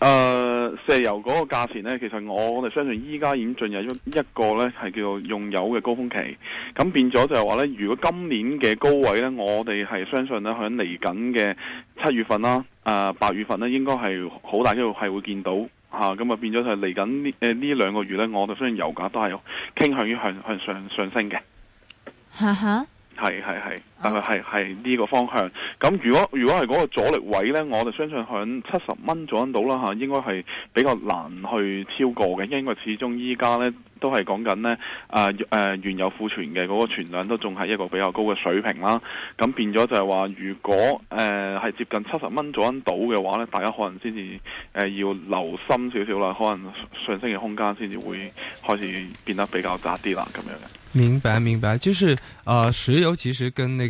誒，石、呃、油嗰個價錢呢，其實我哋相信依家已經進入一一個呢係叫做用油嘅高峰期，咁變咗就係話呢，如果今年嘅高位呢，我哋係相信呢，響嚟緊嘅七月份啦，誒、呃、八月份呢，應該係好大機會係會見到，吓咁啊變咗就係嚟緊呢誒呢兩個月呢，我哋相信油價都係有傾向於向向上上升嘅，係哈。吓，係係係。啊，係係呢個方向。咁如果如果係嗰個阻力位呢，我就相信響七十蚊左右到啦，吓，應該係比較難去超過嘅，因為始終依家呢都係講緊呢，誒誒、呃呃，原油庫存嘅嗰個存量都仲係一個比較高嘅水平啦。咁變咗就係話，如果誒係、呃、接近七十蚊左右到嘅話呢，大家可能先至誒要留心少少啦，可能上升嘅空間先至會開始變得比較窄啲啦，咁樣嘅。明白明白，就係誒、呃，石油其實跟那個，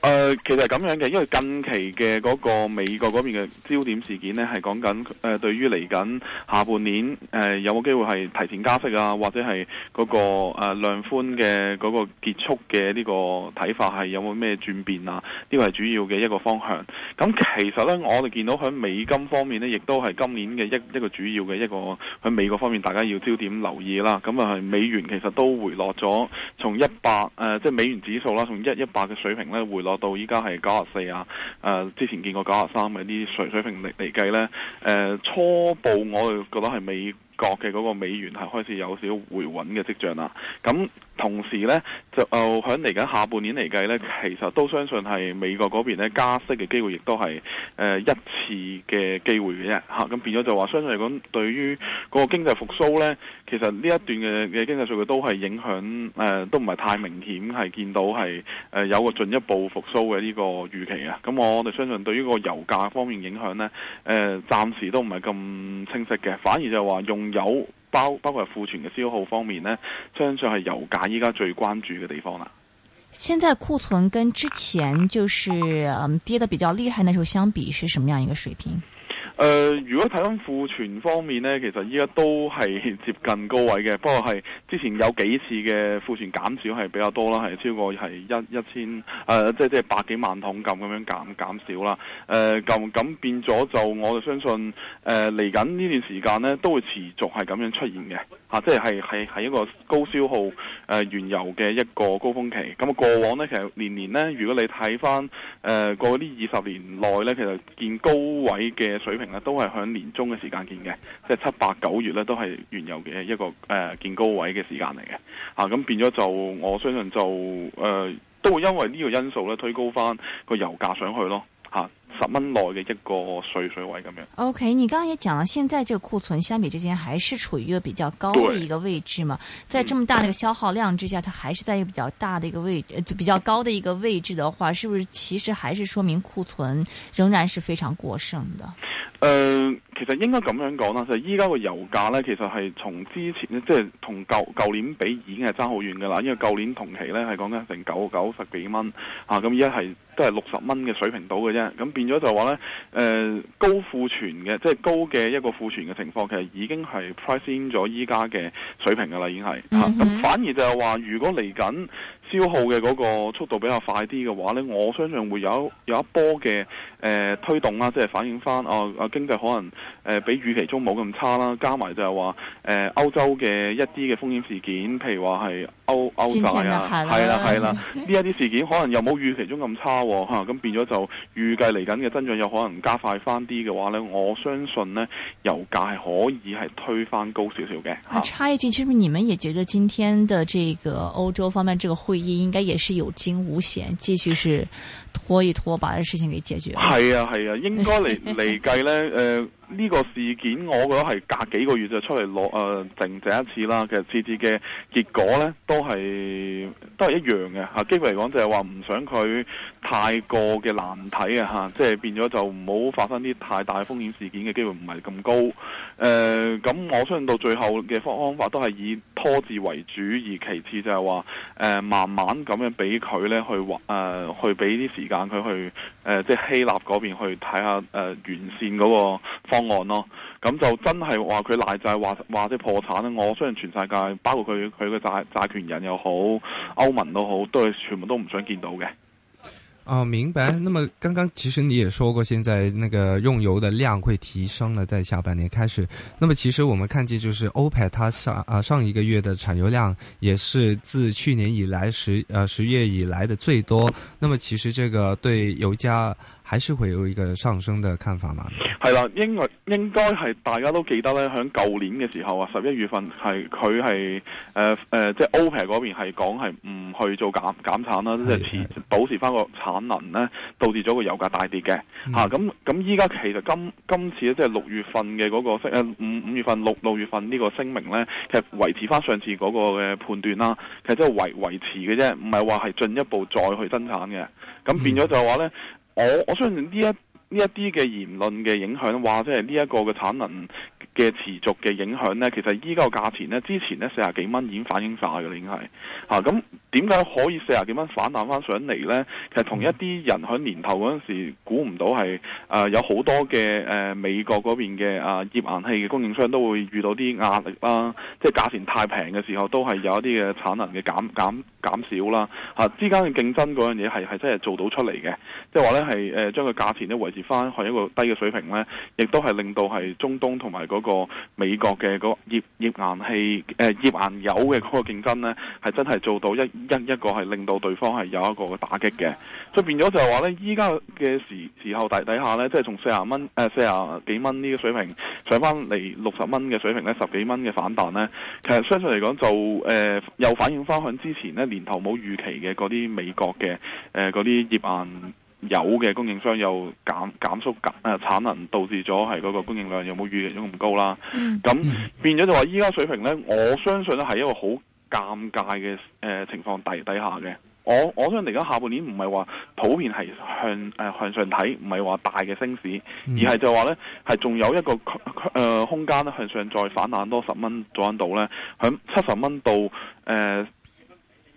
誒、呃，其實係咁樣嘅，因為近期嘅嗰個美國嗰邊嘅焦點事件呢，係講緊誒、呃，對於嚟緊下半年誒、呃，有冇機會係提前加息啊，或者係嗰、那個誒、呃、量寬嘅嗰、那個結束嘅呢個睇法係有冇咩轉變啊？呢、這個係主要嘅一個方向。咁其實呢，我哋見到喺美金方面呢，亦都係今年嘅一一個主要嘅一個，喺美國方面大家要焦點留意啦。咁啊，美元其實都回落咗、呃，從一百誒，即係美元指數啦，從一一百嘅水平咧回落。到依家係九十四啊！誒，之前見過九十三嘅啲水水平嚟嚟計咧，誒、呃，初步我覺得係未。嘅嗰個美元係開始有少回穩嘅跡象啦，咁同時咧就響嚟緊下半年嚟計咧，其實都相信係美國嗰邊咧加息嘅機會亦都係誒一次嘅機會嘅啫吓，咁變咗就話相信嚟講對於嗰個經濟復甦咧，其實呢一段嘅嘅經濟數據都係影響誒、呃、都唔係太明顯，係見到係誒、呃、有個進一步復甦嘅呢個預期啊，咁我哋相信對於個油價方面影響咧，誒、呃、暫時都唔係咁清晰嘅，反而就話用。有包包括庫存嘅消耗方面咧，相信係油價依家最關注嘅地方啦。現在庫存跟之前就是嗯跌得比較厲害，那時候相比，是什麼樣一個水平？誒、呃，如果睇翻庫存方面咧，其實依家都係接近高位嘅，不過係之前有幾次嘅庫存減少係比較多啦，係超過係一一千誒、呃，即係即係百幾萬桶咁樣減減，減少啦。誒咁咁變咗就我就相信誒嚟緊呢段時間咧，都會持續係咁樣出現嘅吓、啊，即係係係一個高消耗誒、呃、原油嘅一個高峰期。咁啊過往咧其實年年咧，如果你睇翻誒過20呢二十年內咧，其實見高位嘅水平。都係喺年中嘅時間見嘅，即係七八九月呢，都係原油嘅一個誒見高位嘅時間嚟嘅。啊咁變咗就我相信就誒都會因為呢個因素咧推高翻個油價上去咯。十蚊內嘅一個稅水位咁樣。OK，你剛剛也講了現在這個庫存相比之下還是處於一個比較高的一個位置嘛？對在這麼大嘅消耗量之下，它還是在一個比較大的一個位置，比較高的一個位置的話，是不是其實還是說明庫存仍然是非常過剩的？誒、呃，其實應該咁樣講啦，就依家個油價呢，其實係從之前呢，即係同舊舊年比已經係爭好遠噶啦，因為舊年同期呢係講緊成九九十幾蚊啊，咁依家係。都係六十蚊嘅水平到嘅啫，咁變咗就話咧，誒、呃，高庫存嘅，即係高嘅一個庫存嘅情況，其實已經係 pricing 咗依家嘅水平噶啦，已經係吓。咁、嗯、哼反而就係話，如果嚟緊，消耗嘅嗰個速度比較快啲嘅話咧，我相信會有有一波嘅誒、呃、推動啊，即係反映翻哦啊經濟可能誒、呃、比預期中冇咁差啦，加埋就係話誒歐洲嘅一啲嘅風險事件，譬如話係歐歐債啊，係啦係啦，呢一啲事件可能又冇預期中咁差吓、啊，咁、 啊、變咗就預計嚟緊嘅增長有可能加快翻啲嘅話咧，我相信咧油價係可以係推翻高少少嘅。啊，插一句，其實唔，你們也覺得今天的這個歐洲方面這個會？應該也是有驚無險，繼續是拖一拖，把這事情給解決了。是啊，是啊，應該來嚟 計呢，呃呢個事件我覺得係隔幾個月就出嚟攞誒靜靜一次啦。其實次次嘅結果咧都係都係一樣嘅吓、啊、機會嚟講就係話唔想佢太過嘅難睇啊吓，即係變咗就唔好發生啲太大風險事件嘅機會唔係咁高。誒、呃，咁我相信到最後嘅方法都係以拖字為主，而其次就係話誒慢慢咁樣俾佢咧去誒、呃、去俾啲時間佢去誒、呃、即係希臘嗰邊去睇下誒、呃、完善嗰、那個。方案咯，咁就真係話佢賴債，話話啲破產咧，我相信全世界包括佢佢嘅債債權人又好，歐盟都好，都係全部都唔想見到嘅。啊，明白。那麼剛剛其實你也說過，現在那個用油的量會提升了，在下半年開始。那麼其實我們看見就是歐佩它上、呃、上一個月的產油量也是自去年以來十呃十月以來的最多。那麼其實這個對油價。還是會有一個上升的看法嘛？係啦，因為應該係大家都記得咧，喺舊年嘅時候啊，十一月份係佢係誒誒，即係 OPEC 嗰邊係講係唔去做減減產啦，是的 即係持保持翻個產能咧，導致咗個油價大跌嘅吓。咁咁依家其實今今次咧，即係六月份嘅嗰，那個誒五五月份六六月份呢個聲明咧，其實維持翻上次嗰個嘅判斷啦，其實即係維維持嘅啫，唔係話係進一步再去增產嘅。咁變咗就係話咧，嗯我我相信呢一呢一啲嘅言論嘅影響，或者係呢一個嘅產能嘅持續嘅影響，呢其實依個價錢呢，之前呢四啊幾蚊已經反映晒嘅，應該係嚇咁。啊點解可以四十幾蚊反彈翻上嚟呢？其實同一啲人喺年頭嗰陣時估唔到係、呃、有好多嘅、呃、美國嗰邊嘅啊頁岩氣嘅供應商都會遇到啲壓力啦，即係價錢太平嘅時候都係有一啲嘅產能嘅減減減少啦。啊、之間嘅競爭嗰樣嘢係真係做到出嚟嘅，即係話呢，係將個價錢咧維持返去一個低嘅水平呢，亦都係令到係中東同埋嗰個美國嘅嗰頁頁岩氣、呃、頁岩油嘅嗰個競爭咧係真係做到一一一個係令到對方係有一個嘅打擊嘅，所以變咗就係話呢，依家嘅時時候底底下呢，即係從四啊蚊誒四啊幾蚊呢個水平上翻嚟六十蚊嘅水平呢，十幾蚊嘅反彈呢，其實相信嚟講就誒、呃、又反映翻響之前呢年頭冇預期嘅嗰啲美國嘅誒嗰啲頁岩油、呃、嘅供應商又減減縮減誒、呃、產能，導致咗係嗰個供應量又冇預期咁高啦。咁變咗就話依家水平呢，我相信呢係一個好尷尬嘅誒、呃、情況底底下嘅，我我相信而家下半年唔係話普遍係向誒、呃、向上睇，唔係話大嘅升市，嗯、而係就話呢係仲有一個誒、呃、空間向上再反彈多十蚊左右到呢，響七十蚊到誒。呃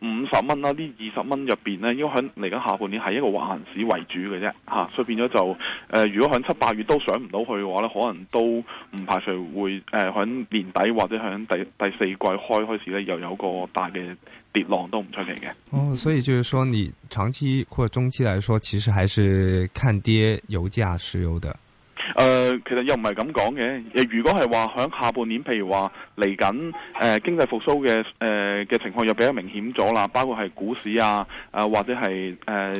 五十蚊啦，呢二十蚊入邊咧，應該喺嚟緊下半年係一個橫市為主嘅啫，吓、啊，所以變咗就誒、呃，如果喺七八月都上唔到去嘅話咧，可能都唔排除會誒喺、呃、年底或者喺第第四季開開始咧，又有個大嘅跌浪都唔出奇嘅。哦，所以就是說你長期或者中期來說，其實還是看跌油價、石油的。誒、呃，其實又唔係咁講嘅。誒，如果係話響下半年，譬如話嚟緊誒經濟復蘇嘅誒嘅情況，又比較明顯咗啦，包括係股市啊，誒、呃，或者係誒。呃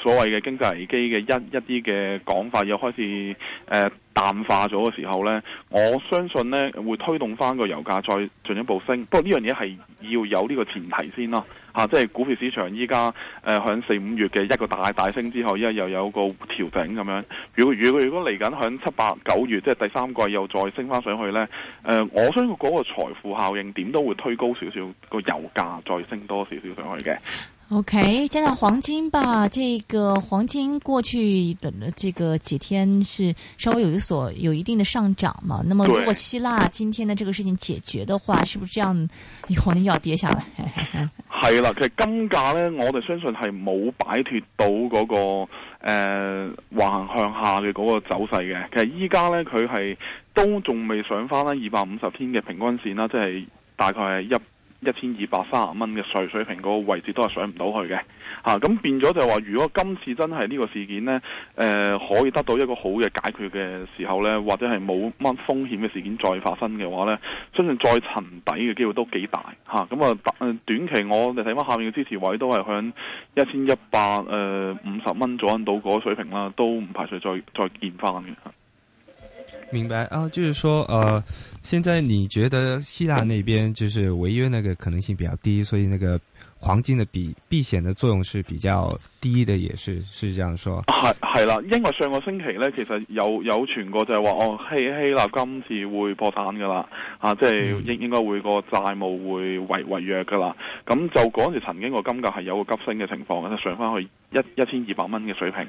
所謂嘅經濟危機嘅一一啲嘅講法又開始誒、呃、淡化咗嘅時候呢，我相信呢會推動翻個油價再進一步升。不過呢樣嘢係要有呢個前提先咯、啊、即係股票市場依家誒響四五月嘅一個大大升之後，依家又有個調整咁樣。如果如果如果嚟緊響七八九月，即係第三季又再升翻上去呢，誒、呃，我相信嗰個財富效應點都會推高少少個油價再升多少少上去嘅。OK，加上黃金吧，這個黃金過去的、嗯、這個幾天是稍微有一所有一定的上漲嘛。那麼如果希臘今天的這個事情解決的話，對是不是這樣黃金要跌下來？係 啦，其實金價呢，我哋相信係冇擺脫到嗰、那個誒橫、呃、向下嘅嗰個走勢嘅。其實依家呢，佢係都仲未上翻啦二百五十天嘅平均線啦，即係大概係一。一千二百三十蚊嘅稅水平嗰個位置都係上唔到去嘅，咁、啊、變咗就係話，如果今次真係呢個事件呢、呃，可以得到一個好嘅解決嘅時候呢，或者係冇乜風險嘅事件再發生嘅話呢，相信再沉底嘅機會都幾大咁啊，啊短期我哋睇翻下面嘅支持位都係響一千一百誒五十蚊左右到嗰水平啦，都唔排除再再見翻嘅。明白啊，就是說呃，現在你覺得希臘那邊就是違約那個可能性比較低，所以那個。黃金的比避避險的作用是比較低的，也是是這樣說。係係啦，因為上個星期呢，其實有有傳過就係話哦，希希臘今次會破產噶啦，啊即係、嗯、應應該會個債務會違違約噶啦。咁就嗰陣時曾經個金價係有個急升嘅情況，即係上翻去一一千二百蚊嘅水平。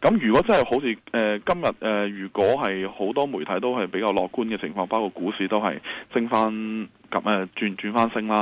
咁如果真係好似誒、呃、今日誒、呃，如果係好多媒體都係比較樂觀嘅情況，包括股市都係升翻。咁誒轉轉翻升啦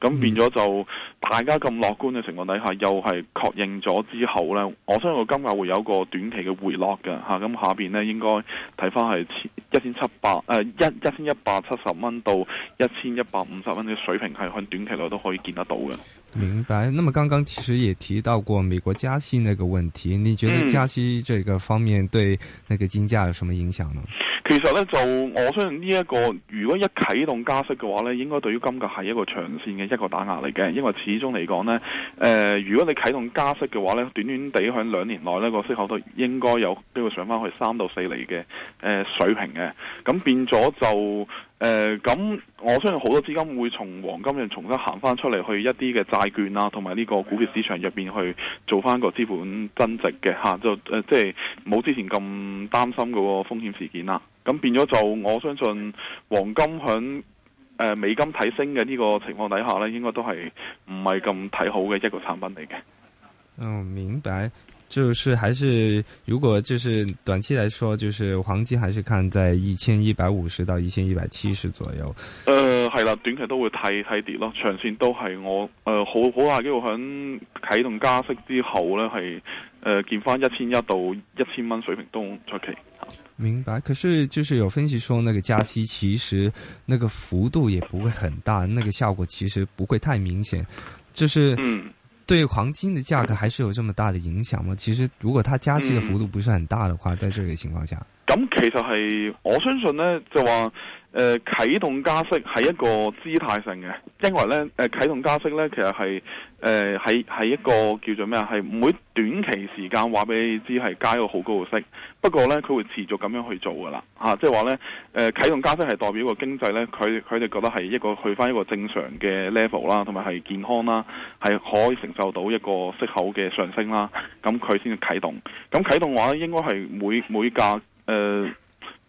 嚇，咁、啊、變咗就大家咁樂觀嘅情況底下，嗯、又係確認咗之後咧，我相信我今日會有一個短期嘅回落嘅嚇。咁、啊啊、下邊咧應該睇翻係一千七百誒一一千一百七十蚊到一千一百五十蚊嘅水平係喺短期內都可以見得到嘅。明白。那麼剛剛其實也提到過美國加息那個問題，你覺得加息這個方面對那個金價有什麼影響呢？嗯其實咧就，我相信呢、這、一個，如果一啟動加息嘅話咧，應該對於金價係一個長線嘅一個打壓嚟嘅，因為始終嚟講咧，呃、如果你啟動加息嘅話咧，短短地喺兩年內呢、這個息口都應該有機會上翻去三到四厘嘅、呃、水平嘅，咁變咗就。誒，咁、呃、我相信好多資金會從黃金入，重新行翻出嚟，去一啲嘅債券啦、啊，同埋呢個股票市場入邊去做翻個資本增值嘅吓、啊，就誒即係冇之前咁擔心個風險事件啦。咁變咗就我相信黃金喺誒、呃、美金睇升嘅呢個情況底下呢，應該都係唔係咁睇好嘅一個產品嚟嘅。嗯、哦，明白。就是還是如果就是短期來說，就是黃金還是看在一千一百五十到一千一百七十左右。呃，係啦，短期都會睇睇跌咯，長線都係我呃，好好快機會響啟動加息之後咧，係呃見翻一千一到一千蚊水平都出奇。明白，可是就是有分析說，那個加息其實那個幅度也不會很大，那個效果其實不會太明顯，就是嗯。對黃金的價格還是有這麼大的影響嗎？其實如果它加息的幅度不是很大的話，在這個情況下。咁其實係我相信呢就話誒、呃、啟動加息係一個姿態性嘅，因為呢誒、呃、啟動加息呢其實係誒係係一個叫做咩啊，係每短期時間話俾你知係加一個好高嘅息，不過呢佢會持續咁樣去做噶啦，吓、啊，即係話呢誒、呃、啟動加息係代表一個經濟呢佢佢哋覺得係一個去翻一個正常嘅 level 啦，同埋係健康啦，係可以承受到一個息口嘅上升啦，咁佢先至啟動。咁啟動話呢，應該係每每架。誒、呃，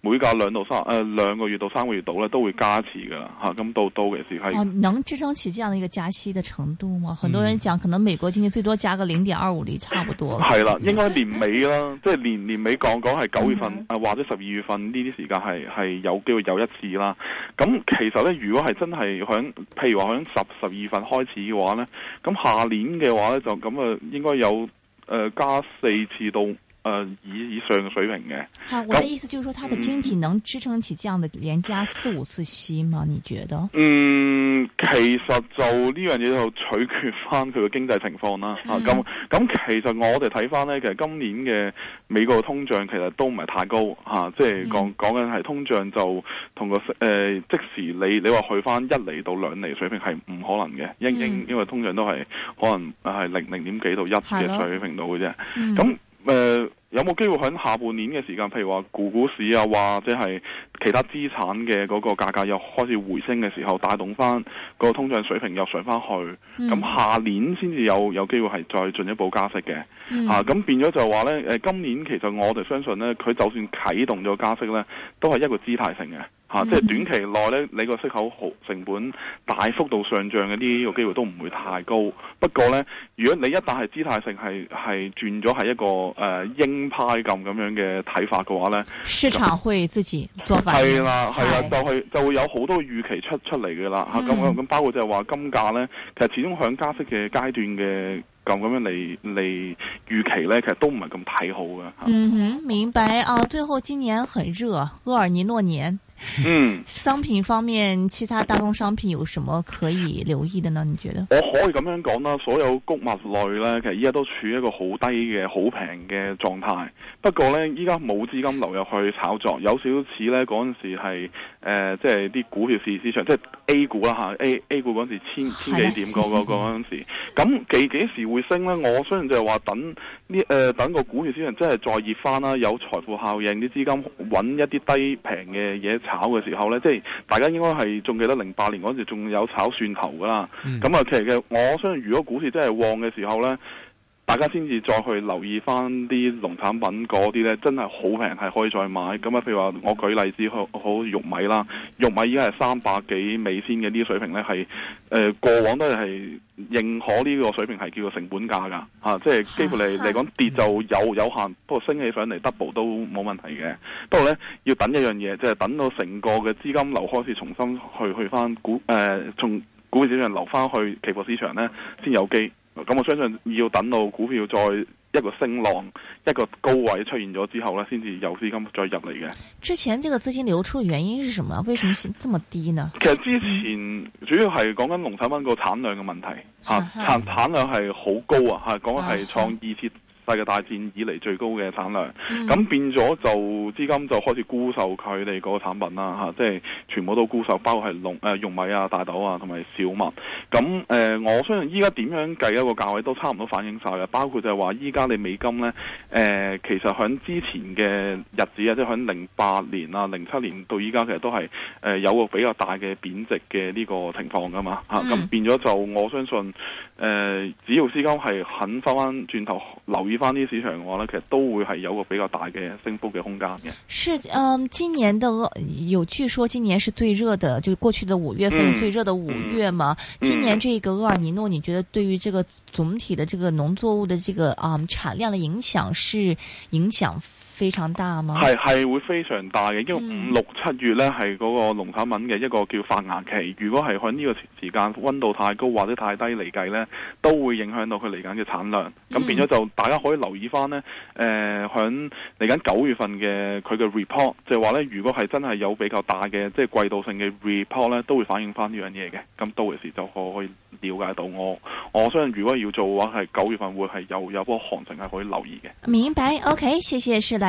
每隔兩到三誒、呃、兩個月到三個月度咧，都會加息噶啦吓，咁、啊、到到嘅時候，啊、是能支撐起這樣嘅一個加息的程度嗎？嗯、很多人講，可能美國經濟最多加個零點二五厘，差不多。係啦的，對對應該年尾啦， 即係年年尾講講係九月份， 啊、或者十二月份呢啲時間係係有機會有一次啦。咁其實咧，如果係真係響，譬如話響十十二月份開始嘅話咧，咁下年嘅話咧就咁啊、呃，應該有誒、呃、加四次到。誒、呃，以以上嘅水平嘅，好那我的意思就是說，它的經濟能支撐起這樣的連加四五次息嗎？你覺得？嗯，其實就呢樣嘢就取決翻佢嘅經濟情況啦。吓、嗯，咁咁、啊、其實我哋睇翻呢，其實今年嘅美國的通脹其實都唔係太高吓、啊，即係講講緊係通脹就同個誒、呃、即時你你話去翻一厘到兩厘水平係唔可能嘅，嗯、因因因為通脹都係可能係零零點幾到一嘅水平度嘅啫。咁、嗯嗯誒、呃，有冇機會喺下半年嘅時間，譬如話股股市啊，或者係其他資產嘅嗰個價格又開始回升嘅時候，帶動翻個通脹水平又上翻去，咁、嗯、下年先至有有機會係再進一步加息嘅。咁、嗯啊、變咗就話咧，誒，今年其實我哋相信咧，佢就算啟動咗加息咧，都係一個姿態性嘅吓，啊嗯、即係短期內咧，你個息口好成本大幅度上漲嘅呢個機會都唔會太高。不過咧，如果你一旦係姿態性係係轉咗係一個誒鷹、呃、派咁咁樣嘅睇法嘅話咧，市場會自己做反應。係啦就，係啦，的的就係就會有好多預期出出嚟嘅啦吓。咁、啊、咁、嗯啊、包括就係話金價咧，其實始終響加息嘅階段嘅。咁咁樣嚟嚟預期咧，其實都唔係咁睇好嘅。嗯哼，明白啊！最後今年很熱，厄爾尼諾年。嗯，商品方面，其他大宗商品有什麼可以留意的呢？你覺得？我可以咁樣講啦，所有谷物類呢，其實依家都處於一個好低嘅，好平嘅狀態。不過咧，依家冇資金流入去炒作，有少少錢咧嗰陣時係誒、呃，即係啲股票市場，即係 A 股啦吓、啊、A A 股嗰陣時千千幾點嗰嗰嗰陣時。咁幾幾時會升呢？我雖然就係話等呢誒、呃，等個股票市場即係再熱翻啦，有財富效應，啲資金揾一啲低平嘅嘢。炒嘅時候咧，即係大家應該係仲記得零八年嗰陣時，仲有炒蒜頭噶啦，咁啊、嗯、其實嘅我相信，如果股市真係旺嘅時候咧。大家先至再去留意翻啲農產品嗰啲呢，真係好平，係可以再買。咁啊，譬如話，我舉例子，好，好玉米啦，玉米依家係三百幾美仙嘅呢啲水平呢，係誒、呃、過往都係認可呢個水平係叫做成本價噶嚇，即係幾乎嚟嚟講跌就有有限，不過升起上嚟 double 都冇問題嘅。不過呢，要等一樣嘢，即、就、係、是、等到成個嘅資金流開始重新去去翻股、呃、從股票市場流翻去期貨市場呢，先有機。咁我相信要等到股票再一個升浪，一個高位出現咗之後咧，先至有資金再入嚟嘅。之前這個資金流出嘅原因是什麼？為什麼這麼低呢？其實之前主要係講緊農產品個產量嘅問題吓，產產量係好高啊，講緊係創二次。啊啊啊世界大戰以嚟最高嘅產量，咁、嗯、變咗就資金就開始沽售佢哋個產品啦吓，即、啊、係、就是、全部都沽售，包括係農誒玉米啊、大豆啊同埋小麥，咁誒、呃、我相信依家點樣計一個價位都差唔多反映晒嘅，包括就係話依家你美金咧誒其實響之前嘅日子啊，即係響零八年啊、零七年到依家，其實都係誒、呃、有個比較大嘅貶值嘅呢個情況噶嘛吓，咁、啊嗯、變咗就我相信誒、呃、只要資金係肯翻翻轉頭留意。翻啲市場嘅話，呢其實都會係有個比較大嘅升幅嘅空間嘅。是，嗯、呃，今年的有，據說今年是最熱的，就過去的五月份、嗯、最熱的五月嘛。嗯、今年這個厄爾尼諾，你覺得對於這個總體的這個農作物的這個啊、呃、產量的影響，是影響。非常大嘛，係係會非常大嘅，因為五六七月呢係嗰個農產品嘅一個叫發芽期，如果係喺呢個時間溫度太高或者太低嚟計呢，都會影響到佢嚟緊嘅產量。咁變咗就大家可以留意翻呢，誒響嚟緊九月份嘅佢嘅 report，就係話呢，如果係真係有比較大嘅即係季度性嘅 report 呢，都會反映翻呢樣嘢嘅。咁到時就可以了解到我，我相信如果要做嘅話係九月份會係有有一波行情係可以留意嘅。明白，OK，謝謝，是的